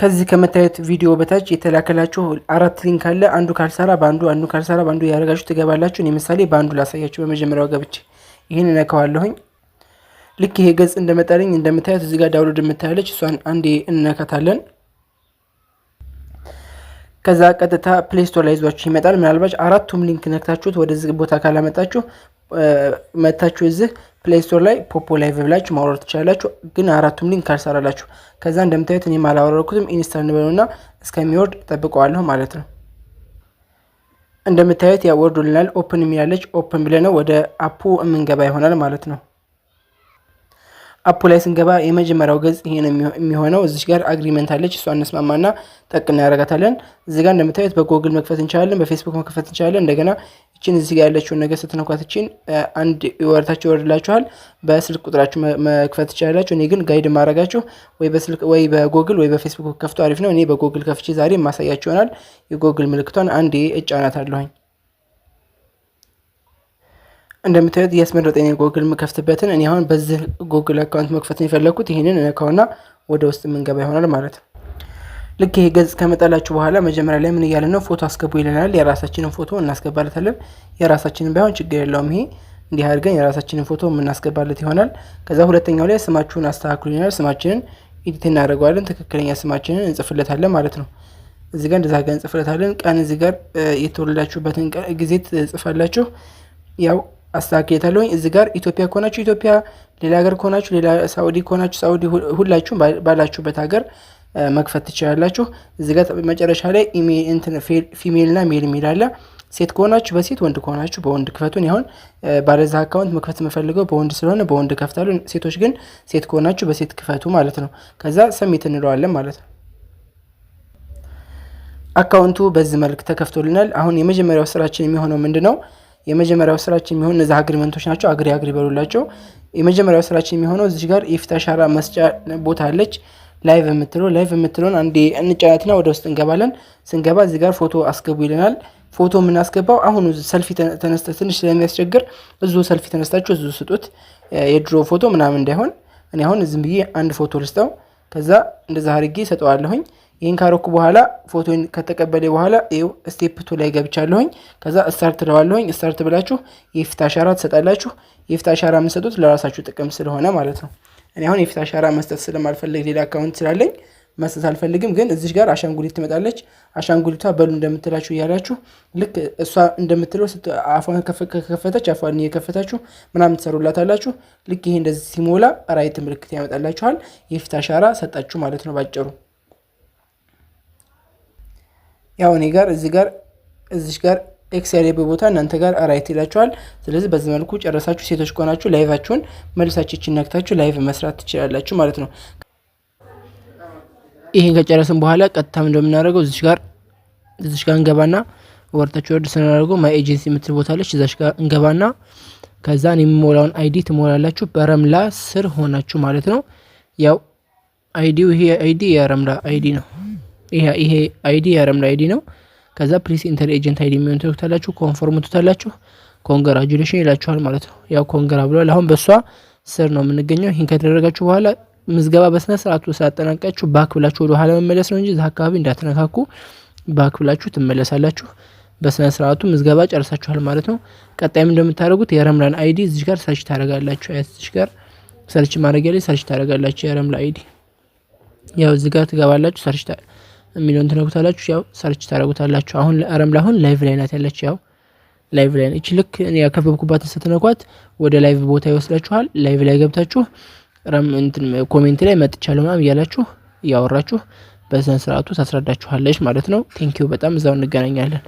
ከዚህ ከመታየት ቪዲዮ በታች የተላከላችሁ አራት ሊንክ አለ። አንዱ ካልሰራ በአንዱ አንዱ ካልሰራ በአንዱ ያደረጋችሁ ትገባላችሁ። እኔ ምሳሌ በአንዱ ላሳያችሁ። በመጀመሪያው ገብቼ ይህን እነካዋለሁኝ። ልክ ይሄ ገጽ እንደመጣልኝ እንደምታዩት እዚህ ጋር ዳውሎድ የምታያለች እሷን አንዴ እነካታለን። ከዛ ቀጥታ ፕሌስቶር ላይ ይዟችሁ ይመጣል። ምናልባች አራቱም ሊንክ ነክታችሁት ወደዚህ ቦታ ካላመጣችሁ መታችሁ እዚህ ፕሌይ ስቶር ላይ ፖፖ ላይቭ ብላችሁ ማውረድ ትችላላችሁ። ግን አራቱም ሊንክ ካልሰራላችሁ ከዛ እንደምታዩት እኔም አላወረድኩትም። ኢንስታል እንበለውና እስከሚወርድ ጠብቀዋለሁ ማለት ነው። እንደምታዩት ያወርዱልናል። ኦፕን የሚላለች ኦፕን ብለነው ወደ አፑ የምንገባ ይሆናል ማለት ነው። አፑ ላይ ስንገባ የመጀመሪያው ገጽ ይሄ ነው የሚሆነው። እዚች ጋር አግሪመንት አለች። እሷ እንስማማና ጠቅ እናያረጋታለን። ጋር እንደምታዩት በጎግል መክፈት እንችላለን፣ በፌስቡክ መክፈት እንችላለን። እንደገና እችን እዚህ ጋር ያለችውን ነገር ስትነኳት እችን አንድ ወረታችሁ ይወርድላችኋል። በስልክ ቁጥራችሁ መክፈት ትችላላችሁ። እኔ ግን ጋይድ ማድረጋችሁ ወይ በስልክ ወይ በጎግል ወይ በፌስቡክ ከፍቶ አሪፍ ነው። እኔ በጎግል ከፍቼ ዛሬ ማሳያችሁ ይሆናል። የጎግል ምልክቷን አንዴ እጫናት አለሁኝ እንደምታዩት እያስመረጠኝ ጎግል የምከፍትበትን እኔ አሁን በዚህ ጎግል አካውንት መክፈት የፈለግኩት ይህንን እነካውና ወደ ውስጥ የምንገባ ይሆናል ማለት ነው። ልክ ይሄ ገጽ ከመጣላችሁ በኋላ መጀመሪያ ላይ ምን እያለ ነው? ፎቶ አስገቡ ይለናል። የራሳችንን ፎቶ እናስገባለታለን። የራሳችንን ባይሆን ችግር የለውም። ይሄ እንዲህ አድርገን የራሳችንን ፎቶ የምናስገባለት ይሆናል። ከዛ ሁለተኛው ላይ ስማችሁን አስተካክሉ ይለናል። ስማችንን ኢዲት እናደርገዋለን። ትክክለኛ ስማችንን እንጽፍለታለን ማለት ነው። እዚህ ጋር እንደዛ ጋር እንጽፍለታለን። ቀን እዚህ ጋር የተወለዳችሁበትን ጊዜ ትጽፋላችሁ ያው አስተካክታለሁኝ። እዚህ ጋር ኢትዮጵያ ከሆናችሁ ኢትዮጵያ፣ ሌላ ሀገር ከሆናችሁ ሌላ፣ ሳውዲ ከሆናችሁ ሳውዲ ሁላችሁም ባላችሁበት ሀገር መክፈት ትችላላችሁ። እዚህ ጋር መጨረሻ ላይ ኢሜል እንትን ፊሜል እና ሜል የሚል አለ። ሴት ከሆናችሁ በሴት ወንድ ከሆናችሁ በወንድ ክፈቱን። ያሁን ባለዛ አካውንት መክፈት የምፈልገው በወንድ ስለሆነ በወንድ ከፍታሉ። ሴቶች ግን ሴት ከሆናችሁ በሴት ክፈቱ ማለት ነው። ከዛ ሰሚት እንለዋለን ማለት ነው። አካውንቱ በዚህ መልክ ተከፍቶልናል። አሁን የመጀመሪያው ስራችን የሚሆነው ምንድን ነው? የመጀመሪያው ስራችን የሚሆን እነዚ አግሪመንቶች ናቸው። አግሪ አግሪ በሉላቸው። የመጀመሪያው ስራችን የሚሆነው እዚች ጋር የፊት አሻራ መስጫ ቦታ አለች ላይቭ የምትለው ላይቭ የምትለውን አንዴ እንጫነትና ወደ ውስጥ እንገባለን። ስንገባ እዚህ ጋር ፎቶ አስገቡ ይለናል። ፎቶ የምናስገባው አሁኑ ሰልፊ ተነስተ ትንሽ ስለሚያስቸግር እዙ ሰልፊ ተነስታችሁ እዙ ስጡት። የድሮ ፎቶ ምናምን እንዳይሆን እኔ አሁን ዝም ብዬ አንድ ፎቶ ልስጠው። ከዛ እንደዛ አድርጌ ሰጠዋለሁኝ። ይህን ካረኩ በኋላ ፎቶን ከተቀበለ በኋላ ይኸው ስቴፕ ቱ ላይ ገብቻለሁኝ። ከዛ ስታርት ለዋለሁኝ። ስታርት ብላችሁ የፊት አሻራ ትሰጣላችሁ። የፊት አሻራ የምሰጡት ለራሳችሁ ጥቅም ስለሆነ ማለት ነው። እኔ አሁን የፊት አሻራ መስጠት ስለማልፈልግ ሌላ አካውንት ስላለኝ መስጠት አልፈልግም፣ ግን እዚች ጋር አሻንጉሊት ትመጣለች። አሻንጉሊቷ በሉ እንደምትላችሁ እያላችሁ ልክ እሷ እንደምትለው አፏን ከከፈተች አፏን እየከፈታችሁ ምናምን ትሰሩላታላችሁ። ልክ ይሄ እንደዚህ ሲሞላ ራይት ምልክት ያመጣላችኋል። የፊት አሻራ ሰጣችሁ ማለት ነው ባጭሩ። ያው እኔ ጋር እዚህ ጋር እዚች ጋር ኤክስ ያለበ ቦታ እናንተ ጋር ራይት ይላችኋል። ስለዚህ በዚህ መልኩ ጨረሳችሁ። ሴቶች ከሆናችሁ ላይቫችሁን መልሳችሁ ነክታችሁ ላይቭ መስራት ትችላላችሁ ማለት ነው። ይህን ከጨረስን በኋላ ቀጥታ እንደምናደርገው እዚሽ ጋር እዚሽ ጋር እንገባና ወርታች ወርድ ስናደርገው ማይ ኤጀንሲ የምትል ቦታለች። አለች። እዛሽ ጋር እንገባና ከዛን የሚሞላውን አይዲ ትሞላላችሁ በረምላ ስር ሆናችሁ ማለት ነው። ያው አይዲው ይሄ አይዲ የረምላ አይዲ ነው። ይሄ አይዲ የረምላ አይዲ ነው። ከዛ ፕሊስ ኢንተር ኤጀንት አይዲ የሚሆን ትሉታላችሁ፣ ኮንፎርም ትታላችሁ፣ ኮንግራጁሌሽን ይላችኋል ማለት ነው። ያው ኮንግራ ብሏል። አሁን በእሷ ስር ነው የምንገኘው። ይህን ከተደረጋችሁ በኋላ ምዝገባ በስነ ስርዓቱ ስላጠናቀቃችሁ ባክ ብላችሁ ወደ ኋላ መመለስ ነው እንጂ እዛ አካባቢ እንዳትነካኩ ባክ ብላችሁ ትመለሳላችሁ። በስነ ስርዓቱ ምዝገባ ጨርሳችኋል ማለት ነው። ቀጣይም እንደምታደርጉት የረምላን አይዲ እዚች ጋር ሰርች ታደረጋላችሁ። እዚች ጋር ሰርች ማድረጊያ ላይ ሰርች ታደረጋላችሁ። የረምላ አይዲ ያው እዚ ጋር ትገባላችሁ። ሰርች የሚለውን ትነኩታላችሁ። ያው ሰርች ታደረጉታላችሁ። አሁን ረምላ አሁን ላይቭ ላይ ናት ያለች ያው ላይቭ ላይ ነች። ልክ ያከበብኩባትን ስትነኳት ወደ ላይቭ ቦታ ይወስዳችኋል። ላይቭ ላይ ገብታችሁ ኮሜንት ላይ መጥቻለሁ ምናምን እያላችሁ እያወራችሁ በስነ ስርዓቱ ታስረዳችኋለች ማለት ነው። ቴንኪዩ በጣም እዛው እንገናኛለን።